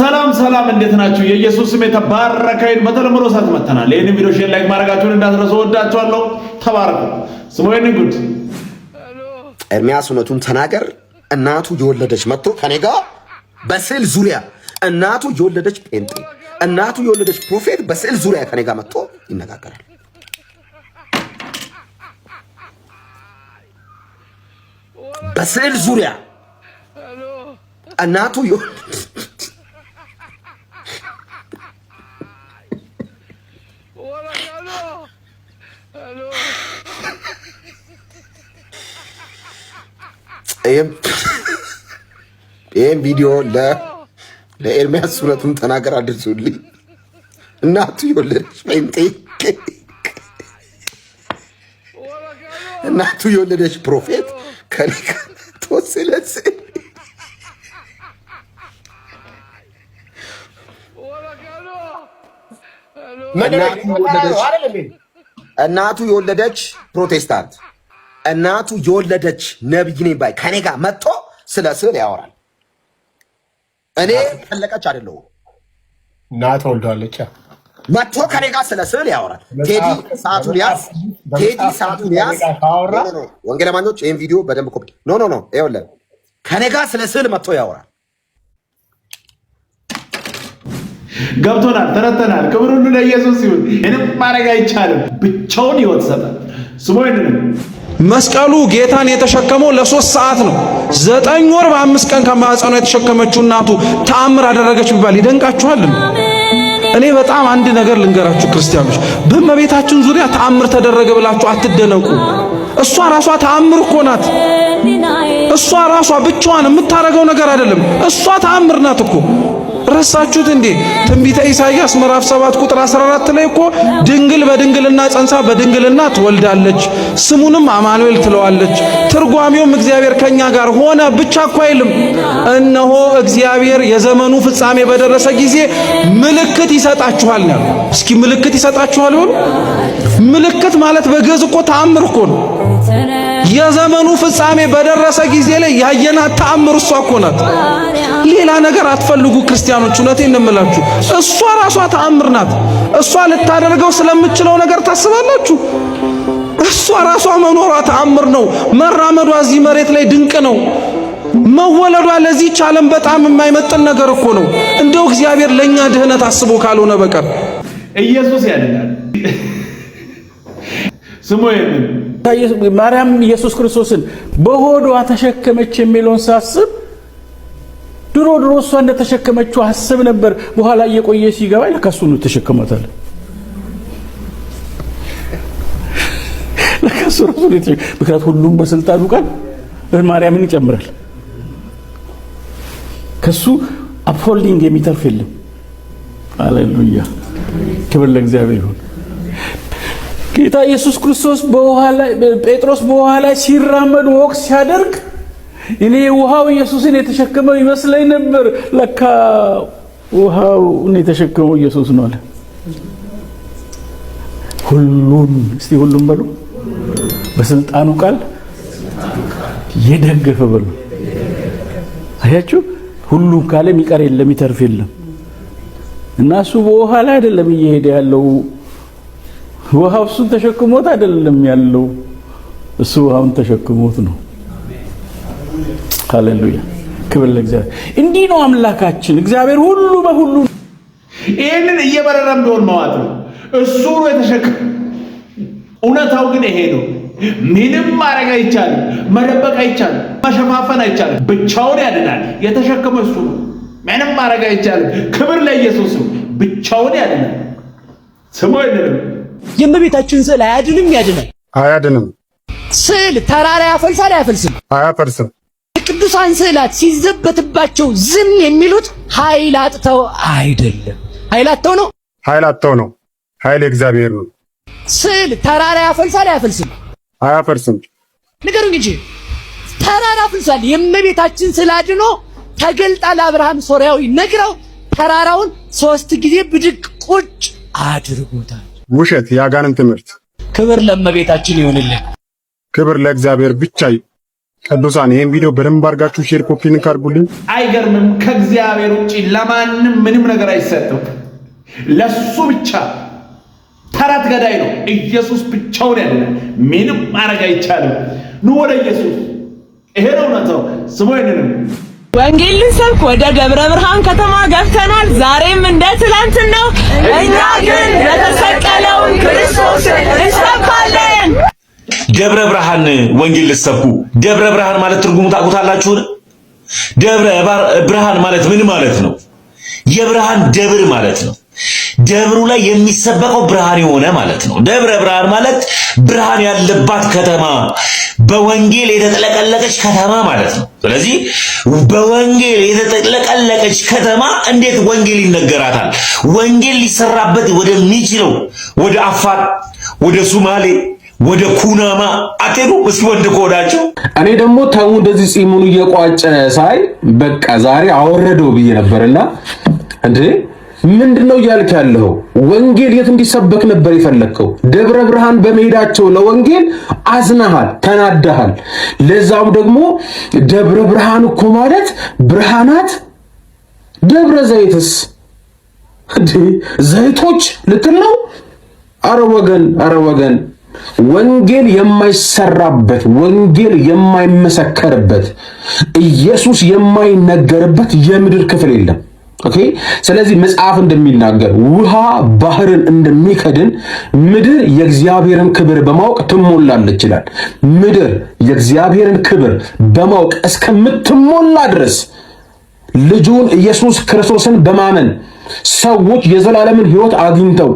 ሰላም ሰላም፣ እንዴት ናችሁ? የኢየሱስ ስም የተባረከ ይሁን። በተለምዶ ሰዓት መተናል። ይህን ቪዲዮ ሼር፣ ላይክ ማድረጋችሁን እንዳትረሱ። ወዳችኋለሁ። ተባረኩ። ስሙ ይህን ጉድ ኤርሚያስ እውነቱን ተናገር። እናቱ የወለደች መጥቶ ከኔ ጋር በስዕል ዙሪያ እናቱ የወለደች ጴንጤ፣ እናቱ የወለደች ፕሮፌት በስዕል ዙሪያ ከኔ ጋር መጥቶ ይነጋገራል። በስዕል ዙሪያ እናቱ የወለደች ይህም ቪዲዮ ለኤርሚያስ ሁለቱም ተናገር አድርሱልኝ። እናቱ የወለደች ጴንጤ እናቱ የወለደች ፕሮፌት ከሊካ ተወስለስ እናቱ የወለደች ፕሮቴስታንት እናቱ የወለደች ነብይ ነኝ ባይ ከኔ ጋር መጥቶ ስለ ስዕል ያወራል። እኔ ፈለቀች አይደለሁም እናት ወልዳለች። መጥቶ ከኔ ጋር ስለ ስዕል ያወራል። ቴዲ ሰዓቱን ያዝ፣ ቴዲ ሰዓቱን ያዝ። ወንጌላማኞች ይህን ቪዲዮ በደንብ ኮፒ ኖ ኖ ኖ ይኸውልህ፣ ከኔ ጋር ስለ ስዕል መጥቶ ያወራል። ገብቶናል፣ ተረተናል። ክብር ሁሉ ለኢየሱስ ይሁን። ምንም ማድረግ አይቻልም። ብቻውን ህይወት ሰጠ ስሞ መስቀሉ ጌታን የተሸከመው ለሶስት ሰዓት ነው። ዘጠኝ ወር በአምስት ቀን ከማህፀኗ የተሸከመችው እናቱ ተአምር አደረገች ቢባል ይደንቃችኋል። እኔ በጣም አንድ ነገር ልንገራችሁ ክርስቲያኖች፣ በእመቤታችን ዙሪያ ተአምር ተደረገ ብላችሁ አትደነቁ። እሷ ራሷ ተአምር እኮ ናት። እሷ ራሷ ብቻዋን የምታደርገው ነገር አይደለም። እሷ ተአምር ናት እኮ ረሳችሁት እንዴ? ትንቢተ ኢሳይያስ ምዕራፍ 7 ቁጥር 14 ላይ እኮ ድንግል በድንግልና ጸንሳ በድንግልና ትወልዳለች፣ ስሙንም አማኑኤል ትለዋለች። ትርጓሜውም እግዚአብሔር ከኛ ጋር ሆነ ብቻ እኮ አይልም። እነሆ እግዚአብሔር የዘመኑ ፍጻሜ በደረሰ ጊዜ ምልክት ይሰጣችኋል ነው። እስኪ ምልክት ይሰጣችኋል ብሎ ምልክት ማለት በግዕዝ እኮ ተአምር እኮ ነው። የዘመኑ ፍጻሜ በደረሰ ጊዜ ላይ ያየናት ተአምር እሷ እኮ ናት። ሌላ ነገር አትፈልጉ ክርስቲያኖች። እውነቴን እንምላችሁ እሷ ራሷ ተአምር ናት። እሷ ልታደርገው ስለምችለው ነገር ታስባላችሁ። እሷ ራሷ መኖሯ ተአምር ነው። መራመዷ እዚህ መሬት ላይ ድንቅ ነው። መወለዷ ለዚህች ዓለም በጣም የማይመጥን ነገር እኮ ነው። እንደው እግዚአብሔር ለኛ ድህነት አስቦ ካልሆነ በቀር ኢየሱስ ያድናል። ስሙ ማርያም ኢየሱስ ክርስቶስን በሆዷ ተሸከመች የሚለውን ሳስብ ድሮ ድሮ እሷ እንደተሸከመችው አስብ ነበር። በኋላ እየቆየ ሲገባ ለካሱ ነው ተሸከመታል። ለካሱ ራሱ ምክንያት ሁሉም በስልጣኑ ቃል ማርያምን ይጨምራል። ከሱ አፕሆልዲንግ የሚተርፍ የለም። አሌሉያ፣ ክብር ለእግዚአብሔር ይሁን። ጌታ ኢየሱስ ክርስቶስ በውሃ ላይ ጴጥሮስ በውሃ ላይ ሲራመድ ወቅ ሲያደርግ እኔ ውሃው ኢየሱስን የተሸከመው ይመስለኝ ነበር፣ ለካ ውሃውን የተሸከመው ኢየሱስ ነው አለ። ሁሉን እስቲ ሁሉን በሉ በስልጣኑ ቃል የደገፈ በሉ። አያችሁ ሁሉም ካለ የሚቀር የለም ይተርፍ የለም። እና እሱ በውሃ ላይ አይደለም እየሄደ ያለው ውሃው እሱን ተሸክሞት አይደለም ያለው፣ እሱ ውሃውን ተሸክሞት ነው። ሃሌሉያ ክብር ለእግዚአብሔር። እንዲህ ነው አምላካችን እግዚአብሔር ሁሉ በሁሉ ይህንን እየበረረም ቢሆን መዋት ነው እሱ የተሸከመ። እውነታው ግን ይሄ ነው። ምንም ማድረግ አይቻልም፣ መደበቅ አይቻልም፣ መሸፋፈን አይቻልም። ብቻውን ያድናል። የተሸከመ እሱ ነው። ምንም ማድረግ አይቻልም። ክብር ለኢየሱስ ነው። ብቻውን ያድናል። ስሙ አይደለም የእመቤታችን ስዕል አያድንም? ያድናል? አያድንም። ስዕል ተራራ ያፈልሳል? አያፈልስም? አያፈልስም። የቅዱሳን ስዕላት ሲዘበትባቸው ዝም የሚሉት ኃይል አጥተው አይደለም። ኃይል አጥተው ነው። ኃይል አጥተው ነው። ኃይል እግዚአብሔር ነው። ስዕል ተራራ ያፈልሳል? አያፈልስም? አያፈልስም። ንገሩኝ እንጂ ተራራ አፍልሷል። የእመቤታችን ስዕል አድኖ ተገልጣ ለአብርሃም ሶርያዊ ነግረው ተራራውን ሶስት ጊዜ ብድቅ ቁጭ አድርጎታል። ውሸት፣ የአጋንን ትምህርት። ክብር ለእመቤታችን ይሁንልን። ክብር ለእግዚአብሔር ብቻ ይሁን። ቅዱሳን ይህን ቪዲዮ በደንብ አድርጋችሁ ሼር ኮፒ አድርጉልኝ። አይገርምም? ከእግዚአብሔር ውጭ ለማንም ምንም ነገር አይሰጥም፣ ለሱ ብቻ። ተረት ገዳይ ነው ኢየሱስ ብቻውን ያለ፣ ምንም ማድረግ አይቻልም። ኑ ወደ ኢየሱስ። ይሄ ነው ነው ስሙ ይንንም ወንጌል ልንሰብክ ወደ ደብረ ብርሃን ከተማ ገብተናል። ዛሬም እንደ ትላንት እኛ ግን የተሰቀለውን ክርስቶስ ደብረ ብርሃን ወንጌል ልትሰብኩ ደብረ ብርሃን ማለት ትርጉሙ ታውቁታላችሁን? ደብረ ብርሃን ማለት ምን ማለት ነው? የብርሃን ደብር ማለት ነው። ደብሩ ላይ የሚሰበቀው ብርሃን የሆነ ማለት ነው። ደብረ ብርሃን ማለት ብርሃን ያለባት ከተማ፣ በወንጌል የተጥለቀለቀች ከተማ ማለት ነው። ስለዚህ በወንጌል የተጠለቀለቀች ከተማ እንዴት ወንጌል ይነገራታል? ወንጌል ሊሰራበት ወደሚችለው ወደ አፋር፣ ወደ ሱማሌ ወደ ኩናማ አቴዱ እስኪ ወንድ ከሆናቸው እኔ ደግሞ ተው እንደዚህ ፂሙን እየቋጨ ሳይ በቃ ዛሬ አወረደው ብዬ ነበርና፣ እንዴ ምንድን ነው እያልክ ያለው? ወንጌል የት እንዲሰበክ ነበር የፈለግከው? ደብረ ብርሃን በመሄዳቸው ለወንጌል አዝናሃል፣ ተናዳሃል። ለዛም ደግሞ ደብረ ብርሃን እኮ ማለት ብርሃናት፣ ደብረ ዘይትስ ዘይቶች ልትል ነው? አረ ወገን፣ አረ ወገን ወንጌል የማይሰራበት ወንጌል የማይመሰከርበት ኢየሱስ የማይነገርበት የምድር ክፍል የለም። ኦኬ። ስለዚህ መጽሐፍ እንደሚናገር ውሃ ባህርን እንደሚከድን ምድር የእግዚአብሔርን ክብር በማወቅ ትሞላለች ይችላል። ምድር የእግዚአብሔርን ክብር በማወቅ እስከምትሞላ ድረስ ልጁን ኢየሱስ ክርስቶስን በማመን ሰዎች የዘላለምን ሕይወት አግኝተው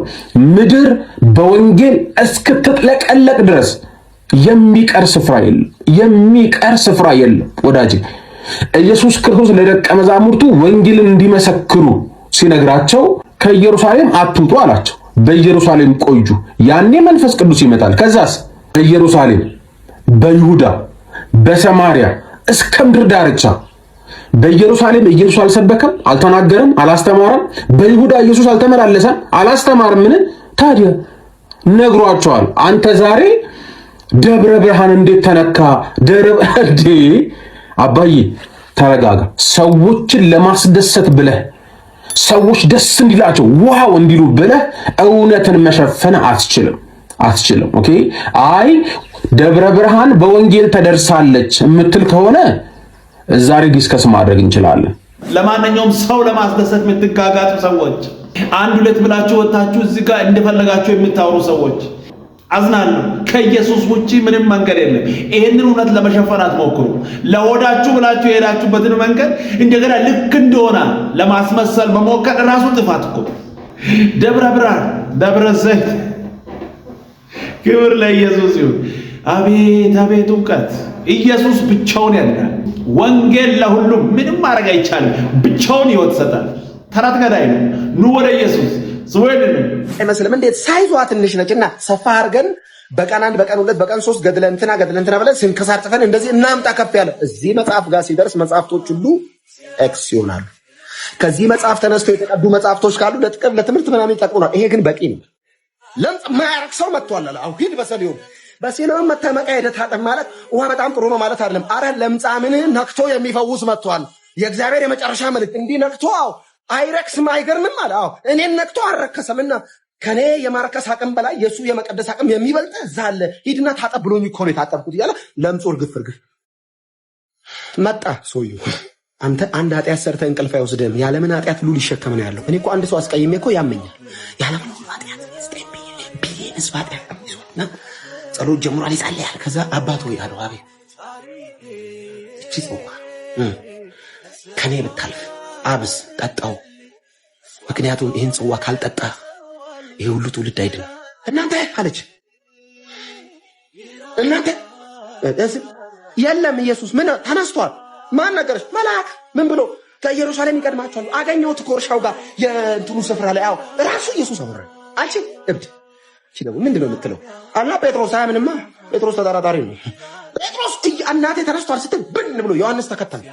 ምድር በወንጌል እስክትጥለቀለቅ ድረስ የሚቀር ስፍራ የለም፣ የሚቀር ስፍራ የለም። ወዳጅ ኢየሱስ ክርስቶስ ለደቀ መዛሙርቱ ወንጌልን እንዲመሰክሩ ሲነግራቸው ከኢየሩሳሌም አትውጡ አላቸው። በኢየሩሳሌም ቆዩ፣ ያኔ መንፈስ ቅዱስ ይመጣል። ከዛስ በኢየሩሳሌም፣ በይሁዳ፣ በሰማሪያ እስከ ምድር ዳርቻ በኢየሩሳሌም ኢየሱስ አልሰበከም፣ አልተናገረም፣ አላስተማረም። በይሁዳ ኢየሱስ አልተመላለሰም፣ ምን ታዲያ ነግሯቸዋል። አንተ ዛሬ ደብረ ብርሃን እንዴት ተነካ? ደብረ እንዴ አባዬ ተረጋጋ። ሰዎችን ለማስደሰት ብለህ ሰዎች ደስ እንዲላቸው ዋው እንዲሉ ብለህ እውነትን መሸፈን አትችልም አትችልም። ኦኬ አይ ደብረ ብርሃን በወንጌል ተደርሳለች የምትል ከሆነ ዛሬ ዲስከስ ማድረግ እንችላለን። ለማንኛውም ሰው ለማስደሰት የምትጋጋጡ ሰዎች፣ አንድ ሁለት ብላችሁ ወታችሁ እዚህ ጋር እንደፈለጋችሁ የምታወሩ ሰዎች አዝናለሁ። ከኢየሱስ ውጪ ምንም መንገድ የለም። ይህንን እውነት ለመሸፈን አትሞክሩ። ለወዳችሁ ብላችሁ የሄዳችሁበትን መንገድ እንደገና ልክ እንደሆነ ለማስመሰል መሞከር ራሱ ጥፋት እኮ። ደብረ ብርሃን፣ ደብረ ዘይት፣ ክብር ለኢየሱስ ይሁን። አቤት አቤት እውቀት! ኢየሱስ ብቻውን ያድናል። ወንጌል ለሁሉም ምንም ማድረግ አይቻልም። ብቻውን ህይወት ይሰጣል። ተረት ገዳይ ነው። ኑ ወደ ኢየሱስ ስወድ አይመስልም። እንዴት ሳይዟ ትንሽ ነች እና ሰፋ አድርገን በቀን አንድ በቀን ሁለት በቀን ሶስት ገድለንትና ገድለንትና ብለን ስንከሳር ጽፈን እንደዚህ እናምጣ ከፍ ያለ እዚህ መጽሐፍ ጋር ሲደርስ መጽሐፍቶች ሁሉ ኤክስ ይሆናሉ። ከዚህ መጽሐፍ ተነስተው የተቀዱ መጽሐፍቶች ካሉ ለጥቅም ለትምህርት ምናምን ይጠቅሙናል። ይሄ ግን በቂ ነው። ለምጽ ማያረግ ሰው መጥቷል አለ ሂድ በሲኖም መታመቂያ ሄደህ ታጠብ ማለት ውሃ በጣም ጥሩ ነው ማለት አይደለም። አረ ለምጻምን ነክቶ የሚፈውስ መጥቷል። የእግዚአብሔር የመጨረሻ መልእክት እንዲህ ነክቶ አው አይረክስም አይገርምም አለ። አዎ እኔን ነክቶ አልረከሰም ከኔ የማረከስ አቅም በላይ የእሱ የመቀደስ አቅም የሚበልጥ እዛ አለ። ሂድና ታጠብ ብሎኝ እኮ ነው የታጠብኩት እያለ ለምጹ እርግፍ እርግፍ መጣ ሰውዬው። አንተ አንድ ኃጢአት ሰርተህ እንቅልፍ አይወስድህም። ያለምን ኃጢአት ሁሉ ሊሸከም ነው ያለው። እኔ እኮ አንድ ሰው አስቀይሜ እኮ ያመኛል። ያለምን ሁሉ ኃጢአት ጸሎት ጀምሯል ይጸልያል። ከዛ አባት ያለው አቤ እቺ ጾማ ከኔ ብታልፍ አብስ ጠጣው፣ ምክንያቱም ይህን ጽዋ ካልጠጣ ይሄ ሁሉ ትውልድ አይድንም። እናንተ አለች እናንተ የለም ኢየሱስ ምን ተነስቷል። ማን ነገረች? መልአክ ምን ብሎ ከኢየሩሳሌም ይቀድማቸዋል። አገኘሁት እኮ ጋር የእንትኑ ስፍራ ላይ አዎ፣ ራሱ ኢየሱስ አወራ። አንቺ እብድ ሲገቡ ምንድን ነው የምትለው? አላ ጴጥሮስ አያምንማ። ጴጥሮስ ተጠራጣሪ ነው። ጴጥሮስ እናቴ ተነስቷል ስትል ብን ብሎ ዮሐንስ ተከተለ።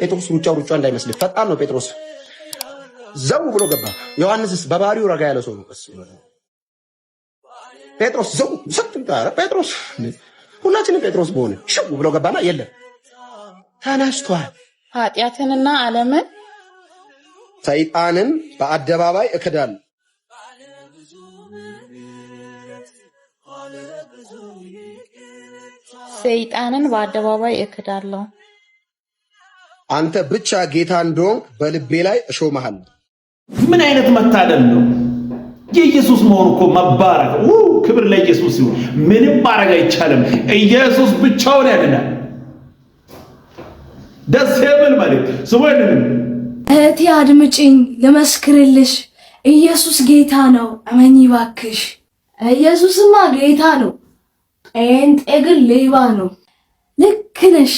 ጴጥሮስ ሩጫ ሩጫ እንዳይመስል ፈጣን ነው ጴጥሮስ። ዘው ብሎ ገባ። ዮሐንስስ በባህሪው ረጋ ያለ ሰው ነው። ቀስ ጴጥሮስ ዘው ስትል ጴጥሮስ ሁላችንም ጴጥሮስ በሆነ ሽው ብሎ ገባና የለም ተነስቷል። ኃጢአትንና ዓለምን ሰይጣንን በአደባባይ እክዳል ሰይጣንን በአደባባይ እክዳለሁ። አንተ ብቻ ጌታ እንደሆንክ በልቤ ላይ እሾመሃል። ምን አይነት መታደል ነው! የኢየሱስ መሆን እኮ መባረክ። ክብር ለኢየሱስ ይሁን። ምንም ማድረግ አይቻልም። ኢየሱስ ብቻውን ያድናል። ደስ የምን መልእክት ስሙን። እህቴ አድምጪኝ፣ ልመስክርልሽ። ኢየሱስ ጌታ ነው፣ እመኚ ባክሽ። ኢየሱስማ ጌታ ነው። ጴንጤ ግን ሌባ ነው። ልክ ነሽ።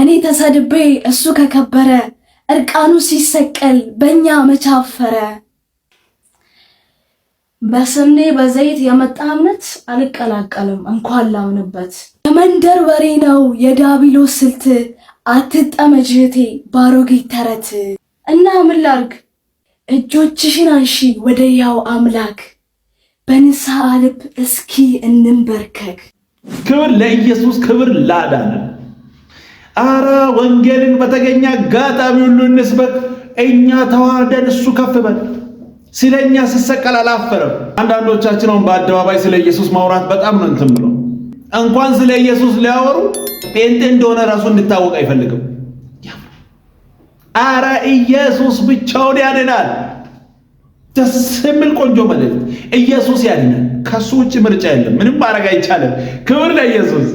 እኔ ተሰድቤ እሱ ከከበረ እርቃኑ ሲሰቀል በእኛ መቻፈረ። በስኔ በዘይት የመጣ እምነት አልቀላቀልም እንኳን ላምንበት። የመንደር ወሬ ነው የዳቢሎ ስልት። አትጠመጅ እህቴ ባሮጌት ተረት እና ምን ላርግ? እጆችሽን አንሺ ወደ ያው አምላክ በንስሐ ልብ እስኪ እንንበርከክ። ክብር ለኢየሱስ፣ ክብር ላዳነ። አረ ወንጌልን በተገኘ አጋጣሚ ሁሉ እንስበክ። እኛ ተዋርደን እሱ ከፍ በል። ስለ እኛ ስሰቀል አላፈረም። አንዳንዶቻችን በአደባባይ ስለ ኢየሱስ ማውራት በጣም ነው እንትን ብሎ እንኳን ስለ ኢየሱስ ሊያወሩ ጴንጤ እንደሆነ ራሱ እንዲታወቅ አይፈልግም። አረ ኢየሱስ ብቻውን ያድናል። ደስ የሚል ቆንጆ መልእክት። ኢየሱስ ያለ ከሱ ውጭ ምርጫ የለም። ምንም ማድረግ አይቻልም። ክብር ለኢየሱስ።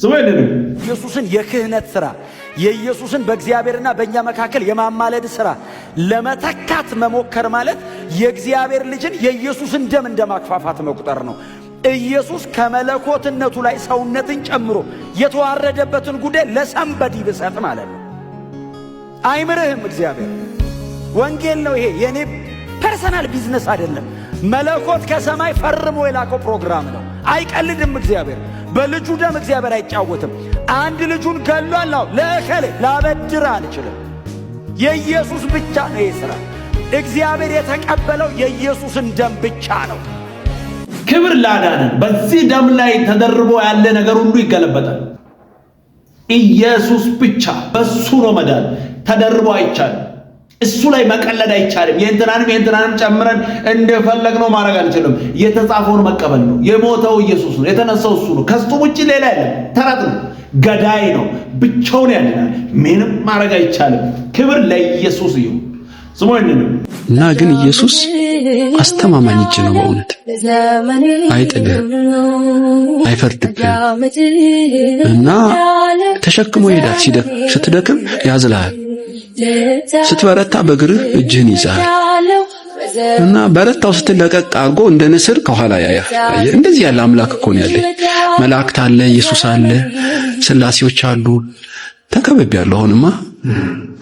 ስወድንም ኢየሱስን የክህነት ሥራ የኢየሱስን በእግዚአብሔርና በእኛ መካከል የማማለድ ሥራ ለመተካት መሞከር ማለት የእግዚአብሔር ልጅን የኢየሱስን ደም እንደ ማክፋፋት መቁጠር ነው። ኢየሱስ ከመለኮትነቱ ላይ ሰውነትን ጨምሮ የተዋረደበትን ጉዳይ ለሰንበድ ይብሰጥ ማለት ነው። አይምርህም እግዚአብሔር። ወንጌል ነው ይሄ የኔ ፐርሰናል ቢዝነስ አይደለም። መለኮት ከሰማይ ፈርሞ የላከው ፕሮግራም ነው። አይቀልድም። እግዚአብሔር በልጁ ደም እግዚአብሔር አይጫወትም። አንድ ልጁን ገሏል። አዎ ለእከሌ ላበድር አልችልም። የኢየሱስ ብቻ ነው ይህ ሥራ። እግዚአብሔር የተቀበለው የኢየሱስን ደም ብቻ ነው። ክብር ላዳነን። በዚህ ደም ላይ ተደርቦ ያለ ነገር ሁሉ ይገለበጣል። ኢየሱስ ብቻ በሱ ነው መዳን። ተደርቦ አይቻልም። እሱ ላይ መቀለድ አይቻልም። የእንትናንም የእንትናንም ጨምረን እንደፈለግነው ማድረግ አልችልም። የተጻፈውን መቀበል ነው። የሞተው ኢየሱስ ነው። የተነሳው እሱ ነው። ከሱ ውጭ ሌላ የለም። ተረት ነው። ገዳይ ነው። ብቻውን ያድናል። ምንም ማድረግ አይቻልም። ክብር ለኢየሱስ ይሁን። ስሙ እና ግን ኢየሱስ አስተማማኝ እጅ ነው። በእውነት አይጥልህም፣ አይፈርድብህም እና ተሸክሞ ይሄዳል። ሲደክም ስትደክም ያዝልሃል። ስትበረታ በእግርህ እጅህን ይዛል እና በረታው ስትል ለቀቅ አድርጎ እንደ ንስር ከኋላ ያያ። እንደዚህ ያለ አምላክ እኮ ነው ያለ። መላእክት አለ፣ ኢየሱስ አለ፣ ስላሴዎች አሉ። ተከበብ ያለው አሁንማ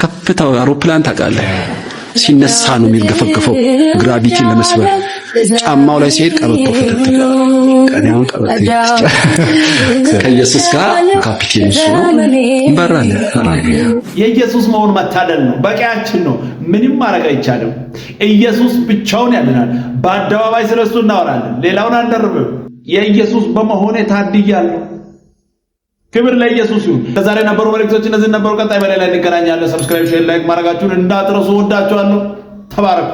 ከፍታው አውሮፕላን ታውቃለህ፣ ሲነሳ ነው የሚርገፈገፈው ግራቪቲን ለመስበር ጫማው ላይ ሲሄድ ቀበቶ ፈተተ ቀበቶ ከኢየሱስ ጋር ካፒቴን ነው። እንበራለ የኢየሱስ መሆን መታደል ነው። በቂያችን ነው። ምንም ማድረግ አይቻልም። ኢየሱስ ብቻውን ያድናል። በአደባባይ ስለሱ እናወራለን። ሌላውን አንደርብም። የኢየሱስ በመሆን ታድያለሁ። ክብር ለኢየሱስ ይሁን። ከዛሬ ነበሩ መልእክቶች እነዚህ ነበሩ። ቀጣይ በሌላ እንገናኛለን። ሰብስክራይብ፣ ሼር፣ ላይክ ማድረጋችሁን እንዳትረሱ። ወዳችኋለሁ። ተባረኩ።